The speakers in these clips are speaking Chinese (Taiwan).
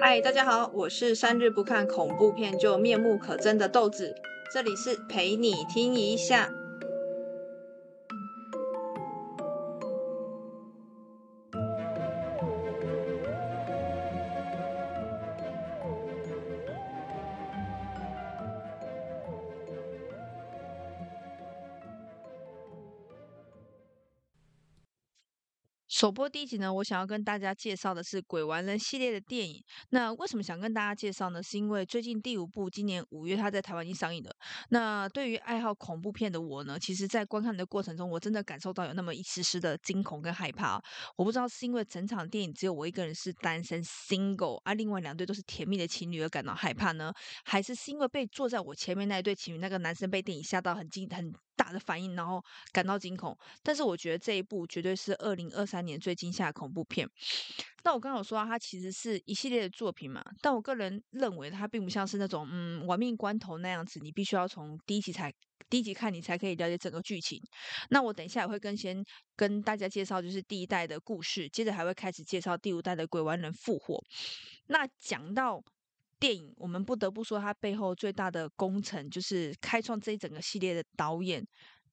嗨，大家好，我是三日不看恐怖片就面目可憎的豆子，這裡是陪你聽一嚇。首播第一集呢，我想要跟大家介紹的是《鬼玩人》系列的電影。那為什麼想跟大家介紹呢？是因為最近第五部今年五月他在台灣已經上映了。那對於愛好恐怖片的我呢，其實在觀看的過程中，我真的感受到有那麼一絲絲的驚恐跟害怕，啊。我不知道是因為整場電影只有我一個人是單身 single，而、啊、另外兩對都是甜蜜的情侶而感到害怕呢，還是是因為被坐在我前面那一對情侶那個男生被電影嚇到很驚很打的反應，然後感到驚恐，但是我覺得這一部絕對是二零二三年最驚嚇恐怖片。那我剛剛有說到，啊，它其實是一系列的作品嘛，但我個人認為它並不像是那種嗯，玩命關頭，那樣子，你必須要從第一集才第一集看，你才可以了解整個劇情。那我等一下也會更先跟大家介紹，就是第一代的故事，接着還會開始介紹第五代的鬼玩人復活。那講到。電影，我們不得不說，它背後最大的功臣就是開創這一整個系列的導演。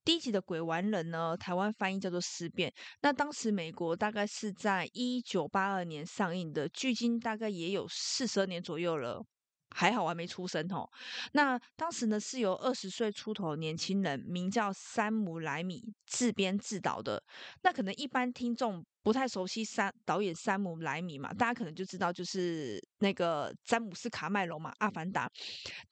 第一集的《鬼玩人》呢，台灣翻譯叫做《屍變》。那當時美國大概是在一九八二年上映的，距今大概也有四十二年左右了。還好我還沒出生吼、哦、那當時呢，是由二十歲出頭年輕人，名叫山姆萊米，自編自導的。那可能一般聽眾。不太熟悉山導演山姆萊米嘛？大家可能就知道就是那個詹姆斯卡麥隆嘛，《阿凡達》。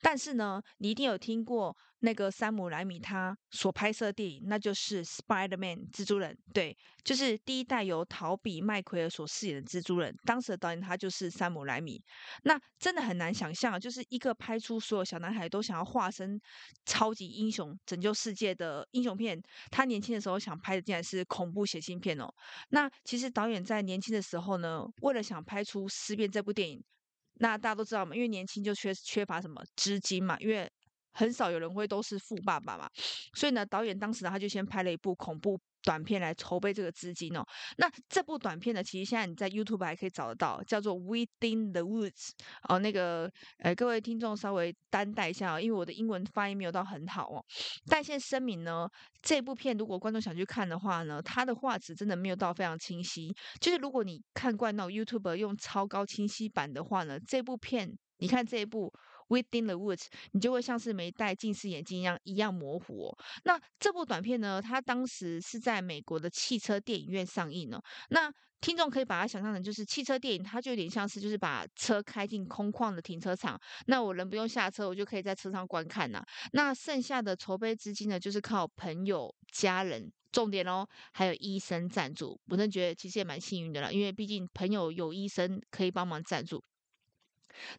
但是呢，你一定有聽過那個山姆萊米他所拍攝的電影，那就是《Spider-Man》蜘蛛人，對，就是第一代由陶比麥奎爾所飾演的蜘蛛人，當時的導演他就是山姆萊米。那真的很難想象，就是一個拍出所有小男孩都想要化身超級英雄拯救世界的英雄片，他年輕的時候想拍的竟然是恐怖血腥片哦。那其實導演在年輕的時候呢，為了想拍出《屍變》這部電影，那大家都知道嘛，因為年輕就缺缺乏什麼資金嘛，因為很少有人會都是富爸爸嘛，所以呢，導演當時呢，他就先拍了一部恐怖。短片來籌備這個資金哦。那這部短片呢，其實現在你在 YouTube 還可以找得到，叫做《Within the Woods》哦。那個呃，各位聽眾稍微擔待一下哦，因為我的英文發音沒有到很好哦。但先聲明呢，這部片如果觀眾想去看的話呢，它的畫質真的沒有到非常清晰。就是如果你看慣那種 YouTube 用超高清晰版的話呢，這部片你看這一部。Within the woods，你就會像是沒戴近視眼鏡一樣，一樣模糊哦。那這部短片呢？它當時是在美國的汽車電影院上映呢。那聽眾可以把它想象成就是汽車電影，它就有點像是就是把車開進空曠的停車場。那我人不用下車，我就可以在車上觀看吶。那剩下的籌備資金呢，就是靠朋友、家人，重點哦，還有醫生贊助。我真的覺得其實也蠻幸運的了，因為畢竟朋友有醫生可以幫忙贊助。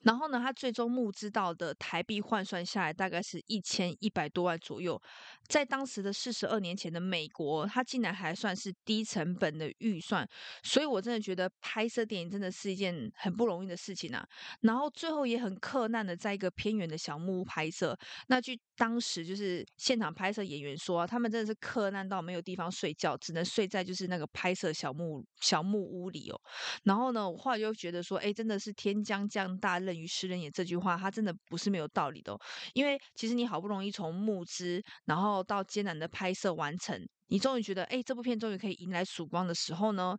然後呢，他最終募資到的台幣換算下來大概是一千一百多萬左右，在當時的四十二年前的美國，他竟然還算是低成本的預算，所以我真的覺得拍攝電影真的是一件很不容易的事情啊。然後最後也很克難的在一個偏遠的小木屋拍攝，那據當時就是現場拍攝演員說、啊，他們真的是克難到沒有地方睡覺，只能睡在就是那個拍攝小木小木屋裡哦。然後呢，我後來就覺得說，哎，真的是天將降。大任於斯人也這句話，他真的不是沒有道理的、哦。因為其實你好不容易從募資，然後到艱難的拍攝完成，你終於覺得哎，這部片終於可以迎來曙光的時候呢，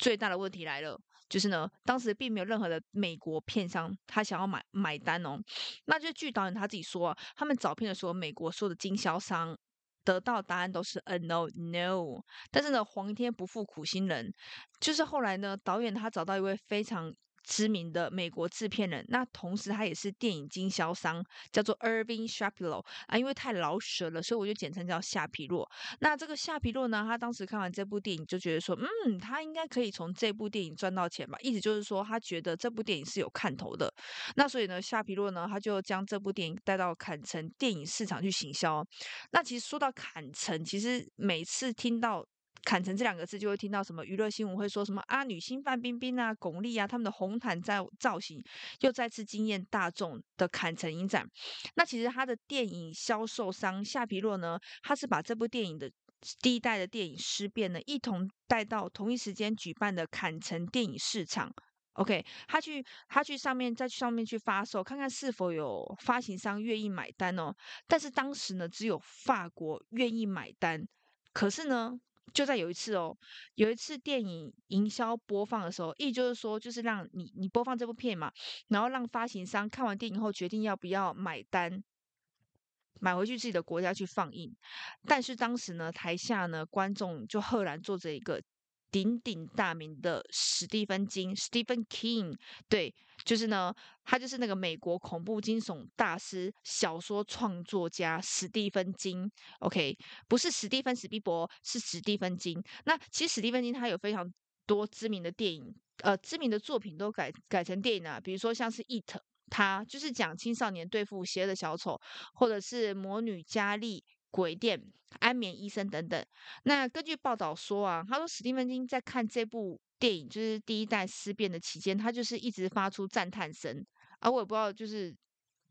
最大的問題來了，就是呢，當時並沒有任何的美國片商他想要買買單哦。那就據導演他自己說、啊，他們找片的時候，美國說的經銷商得到的答案都是、嗯、no no，但是呢，皇天不負苦心人，就是後來呢，導演他找到一位非常。知名的美國製片人，那同時他也是電影經銷商，叫做 Irving Shapiro 啊，因為太饒舌了，所以我就簡稱叫夏皮洛。那這個夏皮洛呢，他當時看完這部電影就覺得說，嗯，他應該可以從這部電影賺到錢吧，意思就是說他覺得這部電影是有看頭的。那所以呢，夏皮洛呢，他就將這部電影帶到坎城電影市場去行銷哦。那其實說到坎城，其實每次聽到。坎城這兩個字，就會聽到什麼娛樂新聞會說什麼啊，女星范冰冰啊、鞏俐啊，他們的紅毯造造型又再次驚艷大眾的坎城影展。那其實他的電影銷售商夏皮洛呢，他是把這部電影的第一代的電影屍變呢，一同帶到同一時間舉辦的坎城電影市場。OK，他去他去上面，在上面去發售，看看是否有發行商願意買單哦。但是當時呢，只有法國願意買單，可是呢。就在有一次哦，有一次電影營銷播放的時候，意思就是說，就是讓你你播放這部片嘛，然後讓發行商看完電影後決定要不要買單，買回去自己的國家去放映。但是當時呢，台下呢觀眾就赫然坐着一個。鼎鼎大名的史蒂芬金，史蒂芬 King。對，就是呢，他就是那個美國恐怖驚悚大師、小說創作家史蒂芬金。OK，不是史蒂芬史匹柏，是史蒂芬金。那其實史蒂芬金他有非常多知名的電影，呃，知名的作品都改改成電影啊，比如說像是《It》，他就是講青少年對付邪惡的小丑，或者是《魔女嘉莉鬼店、安眠醫生等等。那根據報道說啊，他說史蒂芬金在看這部電影，就是第一代屍變的期間，他就是一直發出讚嘆聲啊。而我也不知道，就是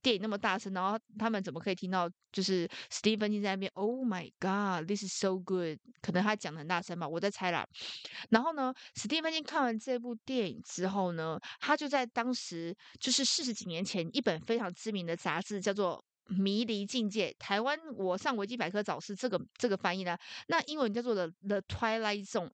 電影那麼大聲，然後他們怎麼可以聽到？就是史蒂芬金在那邊，Oh my God, this is so good。可能他講的很大聲吧，我在猜啦。然後呢，史蒂芬金看完這部電影之後呢，他就在當時就是四十幾年前，一本非常知名的雜誌叫做。迷離境界，台灣我上維基百科找是這個這個翻譯呢？那英文叫做的 The, The Twilight Zone。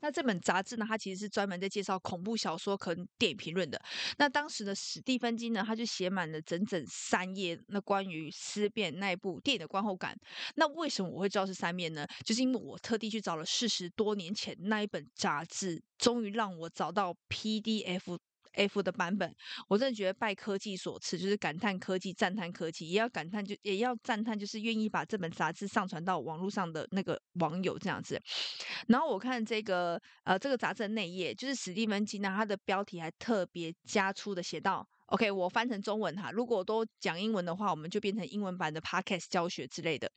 那這本雜誌呢，它其實是專門在介紹恐怖小說跟電影評論的。那當時的史蒂芬·金呢，他就寫滿了整整三頁，那關於《屍變》那一部電影的觀後感。那為什麼我會知道是三頁呢？就是因為我特地去找了四十多年前那一本雜誌，終於讓我找到 PDF。F 的版本，我真的覺得拜科技所賜，就是感嘆科技，讚嘆科技，也要感嘆，就也要讚嘆，就是願意把這本雜誌上傳到網絡上的那個網友這樣子。然後我看這個，呃，這個雜誌的內頁，就是史蒂芬金呢，他的標題還特別加粗的寫道。OK，我翻成中文哈。如果都講英文的話，我們就變成英文版的 podcast 教學之類的。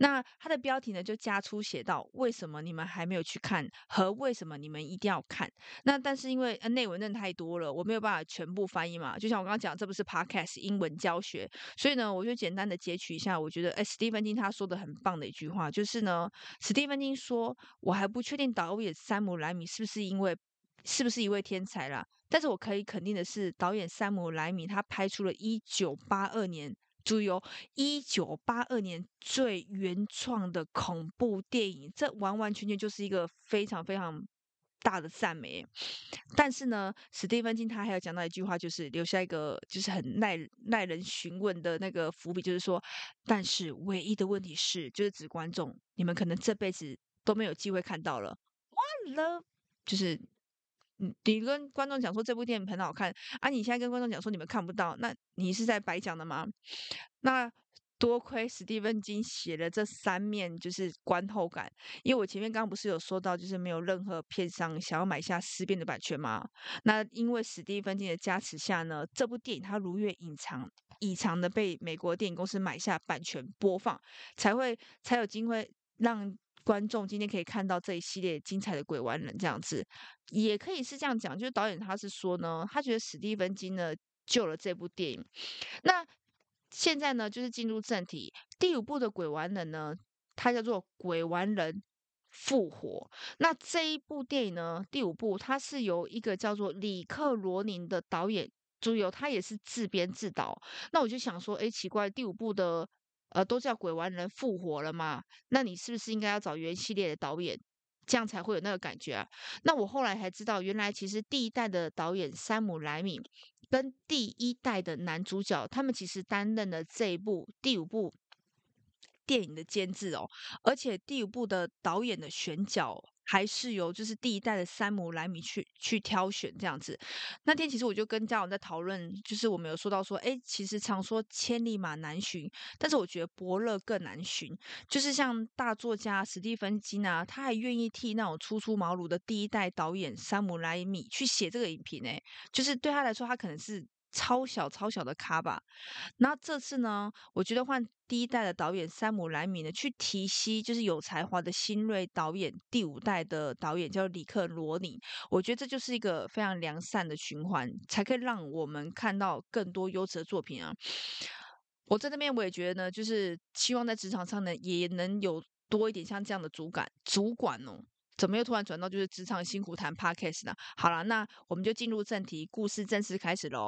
那它的標題呢，就加粗寫到“為什麼你們還沒有去看”和“為什麼你們一定要看”。那但是因為內文呢太多了，我沒有辦法全部翻譯嘛。就像我剛剛講，這不是 podcast 英文教學，所以呢，我就簡單的截取一下。我覺得，哎，史蒂芬金他說的很棒的一句話，就是呢，史蒂芬金說：“我還不確定導演山姆萊米是不是因為。”是不是一位天才啦？但是我可以肯定的是，導演山姆萊米他拍出了一九八二年，注意哦，一九八二年最原創的恐怖電影，這完完全全就是一個非常非常大的讚美。但是呢，史蒂芬金他還有講到一句話，就是留下一個就是很耐耐人尋味的那個伏筆，就是說，但是唯一的問題是，就是指觀眾，你們可能這輩子都沒有機會看到了，完了，就是。你跟觀眾講說這部電影很好看啊，你現在跟觀眾講說你們看不到，那你是在白講的嗎？那多虧史蒂芬·金寫了這三面，就是觀後感。因為我前面剛剛不是有說到，就是沒有任何片商想要買下《屍變》的版權嗎？那因為史蒂芬·金的加持下呢，這部電影它如願隱藏，隱藏的被美國電影公司買下版權播放，才會才有機會讓。觀眾今天可以看到這一系列精彩的《鬼玩人》這樣子，也可以是這樣講，就是導演他是說呢，他覺得史蒂芬·金呢救了這部電影。那現在呢，就是進入正題，第五部的《鬼玩人》呢，它叫做《鬼玩人復活》。那這一部電影呢，第五部它是由一個叫做李克羅寧的導演主游，他也是自編自導。那我就想說，誒，奇怪，第五部的。呃，都叫鬼玩人復活了嘛？那你是不是應該要找原系列的導演，這樣才會有那個感覺啊？那我後來才知道，原來其實第一代的導演山姆萊米跟第一代的男主角，他們其實擔任了這一部第五部電影的監製哦，而且第五部的導演的選角。還是由就是第一代的山姆萊米去去挑選這樣子。那天其實我就跟家長在討論，就是我們有說到說，哎，其實常說千里馬難尋，但是我覺得伯樂更難尋。就是像大作家史蒂芬金啊，他還願意替那種初出茅廬的第一代導演山姆萊米去寫這個影評呢。就是對他來說，他可能是。超小超小的咖吧，那這次呢，我覺得換第一代的導演山姆萊米呢去提攜，就是有才華的新銳導演，第五代的導演叫李克羅尼。我覺得這就是一個非常良善的循環，才可以讓我們看到更多優質的作品啊！我在那邊我也覺得呢，就是希望在職場上呢，也能有多一點像這樣的主管。主管哦，怎麼又突然轉到就是職場辛苦談 Podcast 呢？好了，那我們就進入正題，故事正式開始嘍！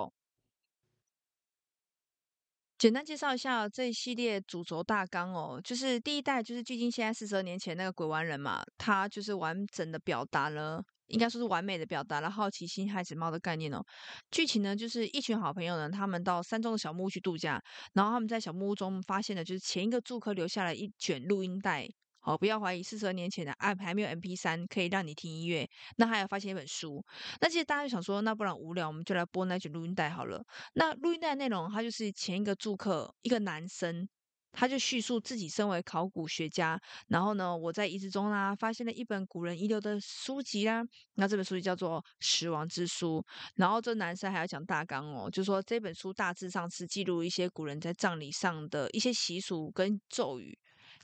簡單介紹一下這一系列主軸大綱哦，就是第一代就是距今現在四十二年前那個鬼玩人嘛，他就是完整的表達了，應該說是完美的表達了好奇心害死貓的概念哦。劇情呢就是一群好朋友呢，他們到山中的小木屋去度假，然後他們在小木屋中發現的，就是前一個住客留下了一卷錄音帶。哦，不要懷疑，四十二年前的 APP 還沒有 MP3 可以讓你聽音樂。那還有發現一本書。那其實大家就想說，那不然無聊，我們就來播那卷錄音帶好了。那錄音帶的內容，它就是前一個住客，一個男生，他就敘述自己身為考古學家，然後呢，我在遺址中啊發現了一本古人遺留的書籍啦、啊。那這本書就叫做《死亡之書》，然後這男生還要講大綱哦，就說這本書大致上是記錄一些古人在葬禮上的一些習俗跟咒語。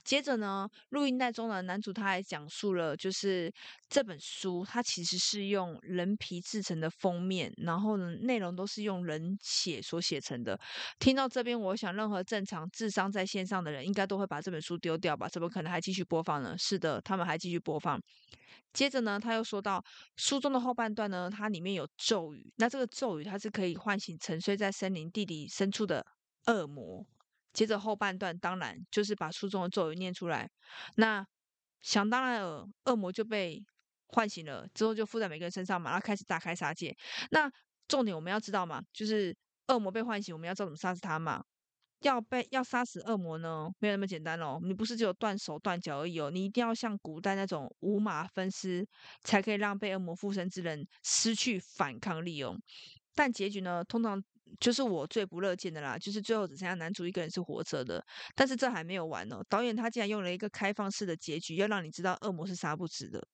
接着呢，錄音帶中的男主他還講述了，就是這本書它其實是用人皮製成的封面，然後呢內容都是用人血所寫成的。聽到這邊，我想任何正常智商在線上的人應該都會把這本書丟掉吧？怎麼可能還繼續播放呢？是的，他們還繼續播放。接着呢，他又說到書中的後半段呢，它裡面有咒語，那這個咒語它是可以喚醒沉睡在森林地底深處的惡魔。接着後半段，當然就是把書中的咒文念出來。那想當然了，惡魔就被喚醒了，之後就附在每個人身上嘛，然後開始大開殺戒。那重點我們要知道嘛，就是惡魔被喚醒，我們要知道怎麼殺死他嘛。要被要殺死惡魔呢，沒有那麼簡單哦。你不是只有斷手斷腳而已哦，你一定要像古代那種五馬分屍，才可以讓被惡魔附身之人失去反抗力哦。但結局呢，通常。就是我最不樂見的啦，就是最後只剩下男主一個人是活着的，但是這還沒有完哦，導演他竟然用了一個開放式的結局，要讓你知道惡魔是殺不死的。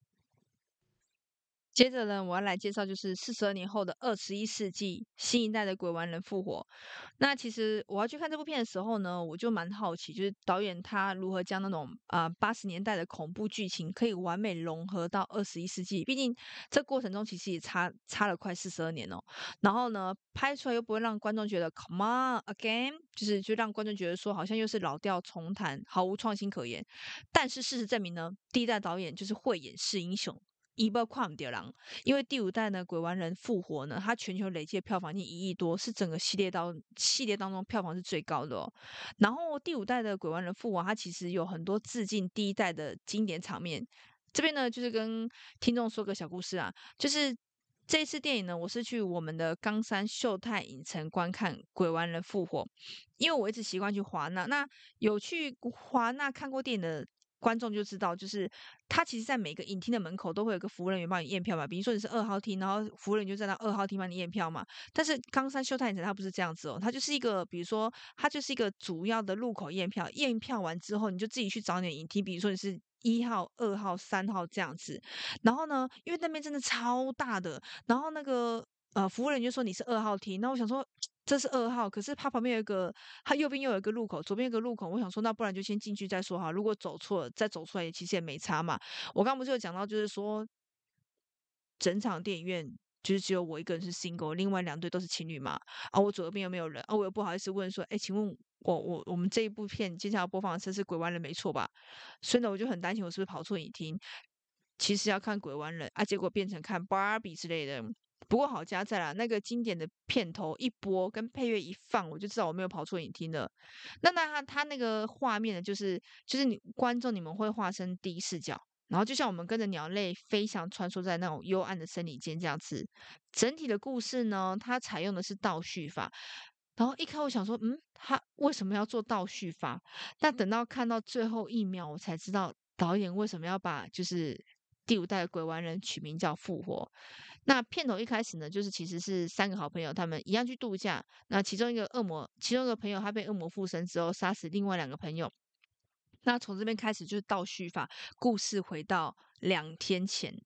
接着呢，我要來介紹，就是四十二年後的二十一世紀新一代的鬼玩人復活。那其實我要去看這部片的時候呢，我就蠻好奇，就是導演他如何將那種啊八十年代的恐怖劇情，可以完美融合到二十一世紀。畢竟這過程中其實也差差了快四十二年哦。然後呢，拍出來又不會讓觀眾覺得 come on again，就是就讓觀眾覺得說好像又是老調重彈，毫無創新可言。但是事實證明呢，第一代導演就是慧眼識英雄。一波跨唔掉浪，因為第五代呢《鬼玩人復活》呢，它全球累計票房近一億多，是整個系列當系列當中票房是最高的哦。然後第五代的《鬼玩人復活》，它其實有很多致敬第一代的經典場面。這邊呢，就是跟聽眾說個小故事啊，就是這一次電影呢，我是去我們的岡山秀泰影城觀看《鬼玩人復活》，因為我一直習慣去華納。那有去華納看過電影的？觀眾就知道，就是他其實在每個影廳的門口都會有個服務人員幫你驗票嘛。比如說你是二號廳，然後服務人員就在那二號廳幫你驗票嘛。但是岡山秀泰影城它不是這樣子哦，它就是一個，比如說它就是一個主要的入口驗票，驗票完之後你就自己去找你的影廳，比如說你是一號、二號、三號這樣子。然後呢，因為那邊真的超大的，然後那個呃服務人員就說你是二號廳，那我想說。這是二號，可是它旁邊有一個，它右邊又有一個路口，左邊有一個路口。我想說，那不然就先進去再說哈。如果走錯了再走出來，其實也沒差嘛。我剛不是有講到，就是說，整場電影院就是只有我一個人是 single，另外兩對都是情侶嘛。啊，我左邊又沒有人，啊，我又不好意思問說，哎，請問我我我們這一部片接下來要播放的是《鬼玩人》沒錯吧？所以呢，我就很擔心我是不是跑錯影廳。其實要看《鬼玩人》啊，結果變成看芭比之類的。不過好家在啦，那個經典的片頭一播跟配樂一放，我就知道我沒有跑錯影廳了。那那他他那個畫面呢、就是，就是就是你觀眾你們會化身第一視角，然後就像我們跟着鳥類飛翔穿梭在那種幽暗的森林間這樣子。整體的故事呢，它採用的是倒敘法。然後一開始我想說，嗯，他為什麼要做倒敘法？但等到看到最後一秒，我才知道導演為什麼要把就是。第五代鬼玩人取名叫復活。那片頭一開始呢，就是其實是三個好朋友，他們一樣去度假。那其中一個惡魔，其中一個朋友他被惡魔附身之後，殺死另外兩個朋友。那從這邊開始就是倒敘法，故事回到兩天前。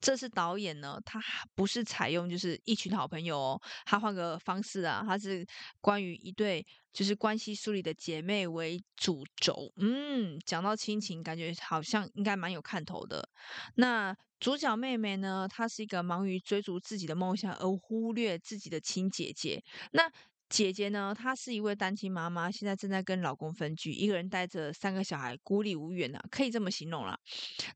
這是導演呢，他不是採用就是一群好朋友，哦、他換個方式啊，他是關於一對就是關係梳理的姐妹為主軸，嗯，講到親情，感覺好像應該蠻有看頭的。那主角妹妹呢，她是一個忙於追逐自己的夢想而忽略自己的親姐姐，那。姐姐呢，她是一位單親媽媽，現在正在跟老公分居，一個人帶着三個小孩，孤立無援啊，可以這麼形容了啊。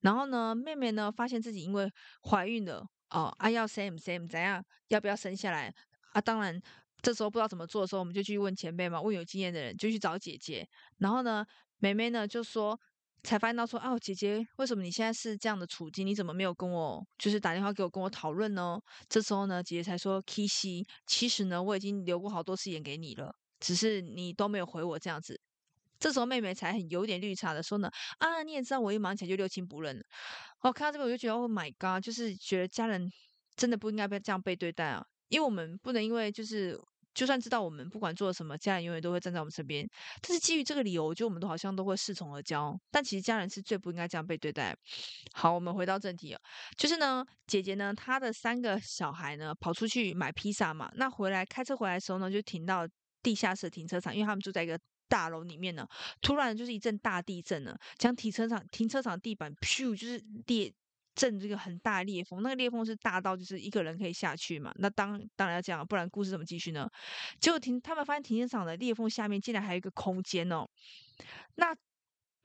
然後呢，妹妹呢，發現自己因為懷孕了，哦，啊，要生不生？怎樣？要不要生下來？啊，當然，這時候不知道怎麼做的時候，我們就去問前輩嘛，問有經驗的人，就去找姐姐。然後呢，妹妹呢就說。才發現到說，哦、啊，姐姐，為什麼你現在是這樣的處境？你怎麼沒有跟我，就是打電話給我跟我討論呢？這時候呢，姐姐才說，K C，其實呢，我已經留過好多次言給你了，只是你都沒有回我這樣子。這時候妹妹才很有點綠茶的說呢，啊，你也知道，我一忙起來就六親不認了。哦，看到這個我就覺得，Oh my God，就是覺得家人真的不應該被這樣被對待啊，因為我們不能因為就是。就算知道我們不管做了什麼，家人永遠都會站在我們身邊。但是基於這個理由，我覺得我們都好像都會恃寵而驕。但其實家人是最不應該這樣被對待。好，我們回到正題，就是呢，姐姐呢，她的三個小孩呢，跑出去買披薩嘛，那回來開車回來的時候呢，就停到地下室停車場，因為他們住在一個大樓裡面呢。突然就是一陣大地震了，將停車場停車場地板噗就是裂。震這個很大裂縫，那個裂縫是大到就是一個人可以下去嘛。那當當然要這樣，不然故事怎麼繼續呢？結果停，他們發現停車場的裂縫下面竟然還有一個空間哦。那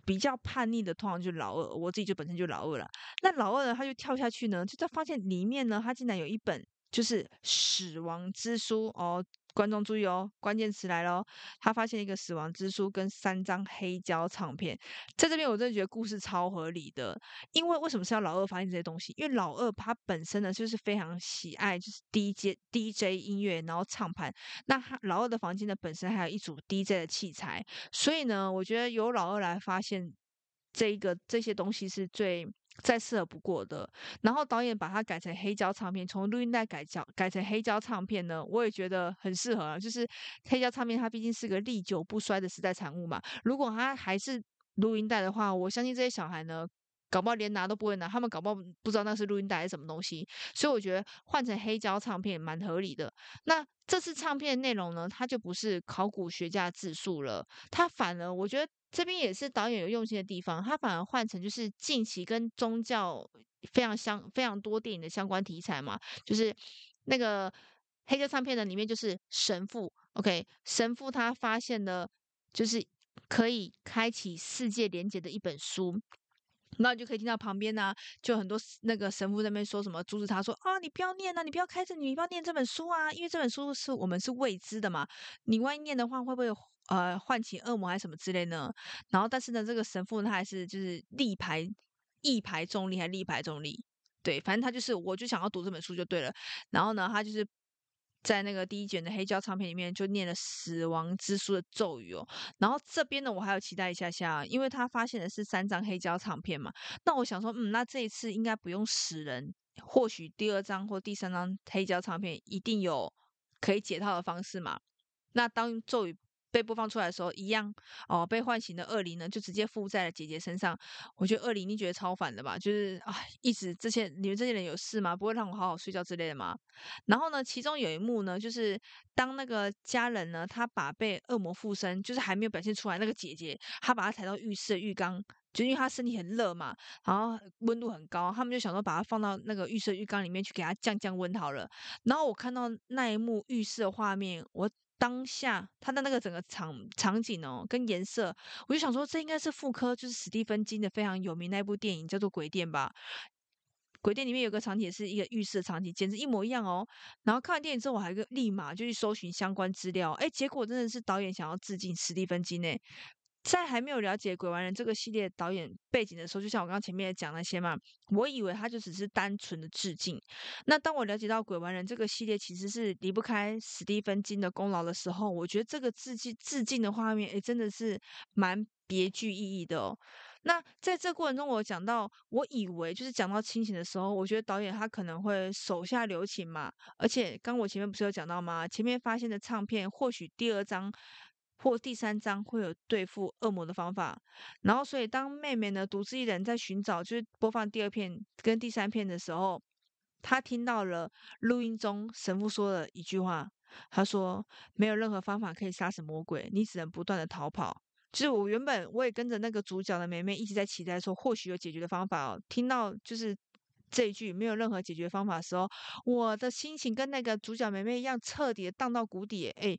比較叛逆的通常就是老二，我自己就本身就老二了。那老二呢，他就跳下去呢，就他發現裡面呢，他竟然有一本就是死亡之書哦。觀眾注意哦，關鍵詞來了哦。他發現一個死亡之書跟三張黑膠唱片，在這邊我真的覺得故事超合理的。因為為什麼是要老二發現這些東西？因為老二他本身呢就是非常喜愛就是 DJ DJ 音樂，然後唱盤。那他老二的房間呢本身還有一組 DJ 的器材，所以呢，我覺得由老二來發現這一個這些東西是最。再適合不過的。然後導演把它改成黑膠唱片，從錄音帶改角改成黑膠唱片呢？我也覺得很適合。啊。就是黑膠唱片，它畢竟是個歷久不衰的時代產物嘛。如果它還是錄音帶的話，我相信這些小孩呢，搞不好連拿都不會拿，他們搞不好不知道那是錄音帶還是什麼東西。所以我覺得換成黑膠唱片蠻合理的。那這次唱片的內容呢，它就不是考古學家自述了，它反而我覺得。這邊也是導演有用心的地方，他反而換成就是近期跟宗教非常相非常多電影的相關題材嘛，就是那個《黑客唱片》的裡面就是神父，OK，神父他發現了就是可以開啟世界連接的一本書，那你就可以聽到旁邊呢、啊、就很多那個神父在那邊說什麼，阻止他說啊，你不要念吶、啊，你不要開着，你不要念這本書啊，因為這本書是我們是未知的嘛，你萬一念的話會不會有？呃，喚起惡魔還是什麼之類呢？然後，但是呢，這個神父呢，他還是就是力排、一排眾議還是力排眾議？對，反正他就是，我就想要讀這本書就對了。然後呢，他就是在那個第一卷的黑膠唱片裡面就念了死亡之書的咒語哦。然後這邊呢，我還有期待一下下，因為他發現的是三張黑膠唱片嘛。那我想說，嗯，那這一次應該不用死人，或許第二張或第三張黑膠唱片一定有可以解套的方式嘛。那當咒語。被播放出來的時候，一樣哦，被喚醒的惡靈呢，就直接附在了姐姐身上。我覺得惡靈，你覺得超煩的吧？就是啊，一直這些你們這些人有事嗎？不會讓我好好睡覺之類的嗎？然後呢，其中有一幕呢，就是當那個家人呢，他把被惡魔附身，就是還沒有表現出來那個姐姐，他把她抬到浴室的浴缸，就是、因為她身體很熱嘛，然後溫度很高，他們就想說把她放到那個浴室浴缸裡面去給她降降溫好了。然後我看到那一幕浴室的畫面，我。當下他的那個整個場場景哦，喔，跟顏色，我就想說，這應該是復刻，就是史蒂芬金的非常有名的那部電影，叫做鬼店吧《鬼店》吧。《鬼店》裡面有個場景也是一個浴室場景，簡直一模一樣哦，喔。然後看完電影之後，我還立馬就去搜尋相關資料，誒、欸、結果真的是導演想要致敬史蒂芬金呢、欸。在還沒有了解《鬼玩人》這個系列導演背景的時候，就像我剛剛前面也講那些嘛，我以為他就只是單純的致敬。那當我了解到《鬼玩人》這個系列其實是離不開史蒂芬·金的功勞的時候，我覺得這個致敬致敬的畫面，也真的是蠻別具意義的哦。那在這過程中，我講到我以為就是講到親情的時候，我覺得導演他可能會手下留情嘛。而且剛我前面不是有講到嗎？前面發現的唱片，或許第二張。或第三章會有對付惡魔的方法，然後所以當妹妹呢獨自一人在尋找，就是播放第二片跟第三片的時候，她聽到了錄音中神父說的一句話，他說沒有任何方法可以殺死魔鬼，你只能不斷地逃跑。就是我原本我也跟着那個主角的妹妹一直在期待說或許有解決的方法哦，聽到就是這一句沒有任何解決方法的時候，我的心情跟那個主角妹妹一樣徹底的蕩到谷底，哎。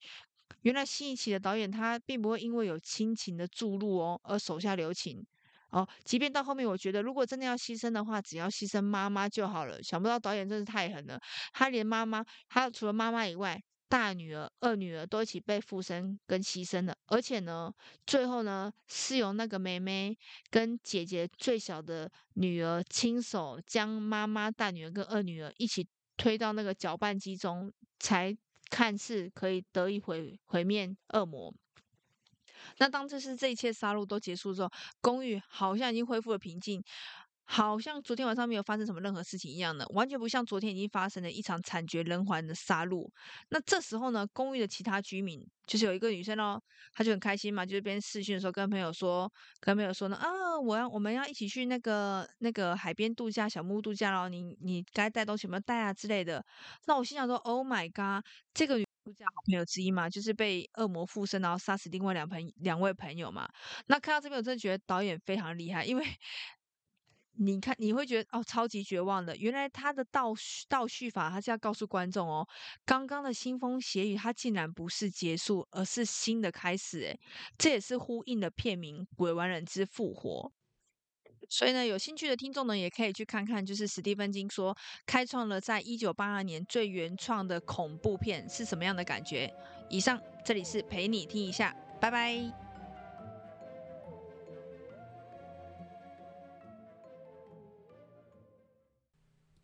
原來新一期的導演他並不會因為有親情的注入哦而手下留情哦，即便到後面我覺得如果真的要犧牲的話，只要犧牲媽媽就好了。想不到導演真是太狠了，他連媽媽，他除了媽媽以外，大女兒、二女兒都一起被附身跟犧牲了。而且呢，最後呢，是由那個妹妹跟姐姐最小的女兒親手將媽媽、大女兒跟二女兒一起推到那個攪拌機中才。看似可以得以毀毀滅惡魔，那當這是這一切殺戮都結束之後，公寓好像已經恢復了平靜。好像昨天晚上沒有發生什麼任何事情一樣的，完全不像昨天已經發生了一場慘絕人寰的殺戮。那這時候呢，公寓的其他居民就是有一個女生哦，她就很開心嘛，就是邊視訊的時候跟朋友說，跟朋友說呢啊，我要我們要一起去那個那個海邊度假，小木屋度假咯，你你該帶東西沒帶啊之類的。那我心想說，Oh my god，這個女生度假好朋友之一嘛，就是被惡魔附身，然後殺死另外兩朋兩位朋友嘛。那看到這邊，我真的覺得導演非常厲害，因為。你看，你會覺得哦，超級絕望的。原來他的倒倒敘法，他是要告訴觀眾哦，剛剛的腥風血雨，它竟然不是結束，而是新的開始。誒，這也是呼應的片名《鬼玩人之復活》。所以呢，有興趣的聽眾呢，也可以去看看，就是史蒂芬·金說開創了在一九八二年最原創的恐怖片是什麼樣的感覺。以上，這裡是陪你聽一嚇，拜拜。